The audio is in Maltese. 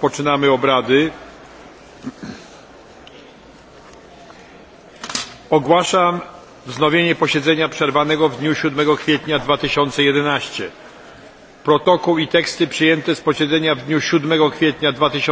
Poczynamy obrady. Ogłaszam wznowienie posiedzenia przerwanego w dniu 7 kwietnia 2011. Protokół i teksty przyjęte z posiedzenia w dniu 7 kwietnia 2011